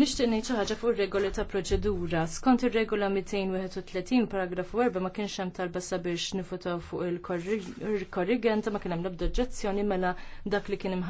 Nixtieq ngħid xi ħaġa fuq ir-regoli ta' proċedura. Skont ir-regola 231 paragrafu 4 ma kienx hemm talba sabiex nifutaw fuq il-korrigenta ma kien hemm l-obdoġġezzjoni mela dak li kien